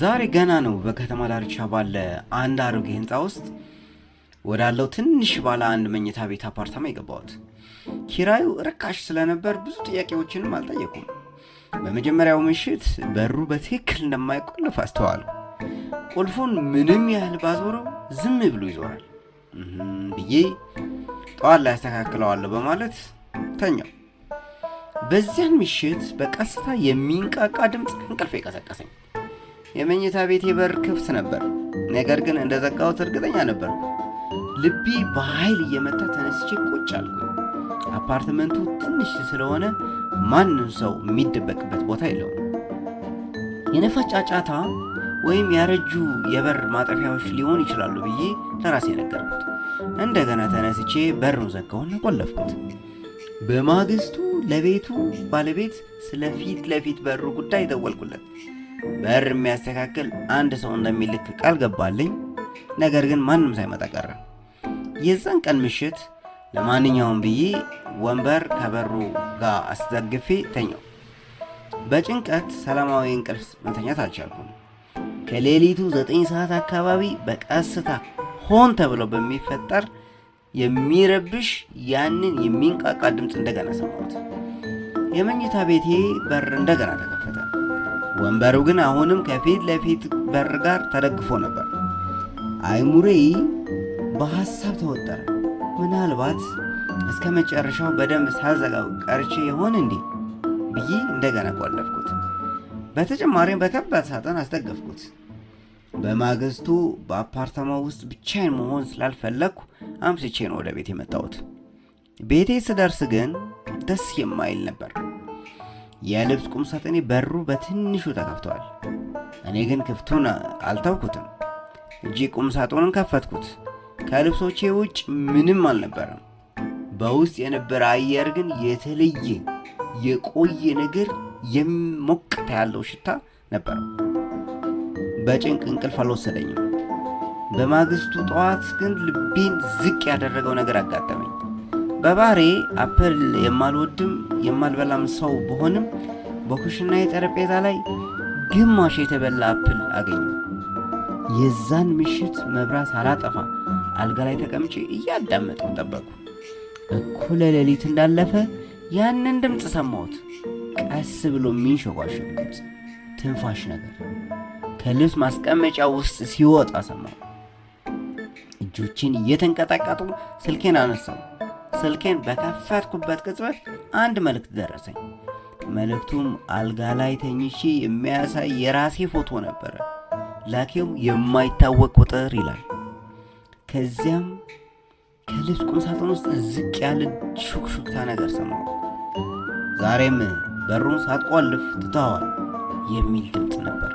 ዛሬ ገና ነው በከተማ ዳርቻ ባለ አንድ አሮጌ ህንፃ ውስጥ ወዳለው ትንሽ ባለ አንድ መኝታ ቤት አፓርታማ የገባሁት። ኪራዩ ርካሽ ስለነበር ብዙ ጥያቄዎችንም አልጠየቁም። በመጀመሪያው ምሽት በሩ በትክክል እንደማይቆልፍ አስተዋሉ። ቁልፉን ምንም ያህል ባዞረው ዝም ብሎ ይዞራል ብዬ ጠዋት ላይ ያስተካክለዋለሁ በማለት ተኛው። በዚያን ምሽት በቀስታ የሚንቃቃ ድምፅ እንቅልፍ የቀሰቀሰኝ የመኝታ ቤቴ በር ክፍት ነበር፣ ነገር ግን እንደ ዘጋሁት እርግጠኛ ነበር። ልቤ በኃይል እየመታ ተነስቼ ቁጭ አልኩ። አፓርትመንቱ ትንሽ ስለሆነ ማንም ሰው የሚደበቅበት ቦታ የለውም። የነፋስ ጫጫታ ወይም ያረጁ የበር ማጠፊያዎች ሊሆን ይችላሉ ብዬ ለራሴ ነገርኩት። እንደገና ተነስቼ በሩን ዘጋሁና ቆለፍኩት። በማግስቱ ለቤቱ ባለቤት ስለፊት ለፊት በሩ ጉዳይ ደወልኩለት። በር የሚያስተካክል አንድ ሰው እንደሚልክ ቃል ገባልኝ። ነገር ግን ማንም ሳይመጣ ቀረ። የዛን ቀን ምሽት ለማንኛውም ብዬ ወንበር ከበሩ ጋር አስደግፌ ተኛው። በጭንቀት ሰላማዊ እንቅልፍ መተኛት አልቻልኩም። ከሌሊቱ ዘጠኝ ሰዓት አካባቢ በቀስታ ሆን ተብሎ በሚፈጠር የሚረብሽ ያንን የሚንቃቃ ድምፅ እንደገና ሰማሁት። የመኝታ ቤቴ በር እንደገና ተከፈተ። ወንበሩ ግን አሁንም ከፊት ለፊት በር ጋር ተደግፎ ነበር። አይሙሬ በሐሳብ ተወጠረ። ምናልባት እስከ መጨረሻው በደንብ ሳዘጋው ቀርቼ ይሆን እንዴ ብዬ እንደገና ቆለፍኩት። በተጨማሪም በከባድ ሳጥን አስደገፍኩት። በማግስቱ በአፓርታማው ውስጥ ብቻዬን መሆን ስላልፈለግኩ አምስቼ ነው ወደ ቤት የመጣሁት። ቤቴ ስደርስ ግን ደስ የማይል ነበር። የልብስ ቁም ሳጥኔ በሩ በትንሹ ተከፍቷል። እኔ ግን ክፍቱን አልተውኩትም። እጂ ቁም ሳጥኑን ከፈትኩት። ከልብሶቼ ውጭ ምንም አልነበረም። በውስጥ የነበረ አየር ግን የተለየ የቆየ ነገር የሞቅታ ያለው ሽታ ነበረ። በጭንቅ እንቅልፍ አልወሰደኝም። በማግስቱ ጠዋት ግን ልቤን ዝቅ ያደረገው ነገር አጋጠመኝ። በባህሬ አፕል የማልወድም የማልበላም ሰው ብሆንም በኩሽና የጠረጴዛ ላይ ግማሽ የተበላ አፕል አገኘ። የዛን ምሽት መብራት አላጠፋ አልጋ ላይ ተቀምጬ እያዳመጠው ጠበቁ። እኩለ ሌሊት እንዳለፈ ያንን ድምፅ ሰማሁት። ቀስ ብሎ የሚንሸጓሽ ድምፅ፣ ትንፋሽ ነገር ከልብስ ማስቀመጫ ውስጥ ሲወጣ ሰማሁ። እጆቼን እየተንቀጠቀጡ ስልኬን አነሳው። ስልኬን በከፈትኩበት ቅጽበት አንድ መልእክት ደረሰኝ። መልእክቱም አልጋ ላይ ተኝቼ የሚያሳይ የራሴ ፎቶ ነበረ። ላኪው የማይታወቅ ቁጥር ይላል። ከዚያም ከልብስ ቁም ውስጥ ዝቅ ያለ ሹክሹክታ ነገር ሰማሁ። ዛሬም በሩን ሳትቆልፍ ትተዋል የሚል ድምፅ ነበር።